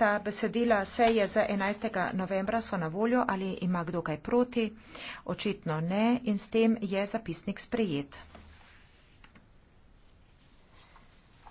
Ta besedila seje za 11. novembra so na voljo ali ima kdo kaj proti? Očitno ne in s tem je zapisnik sprejet.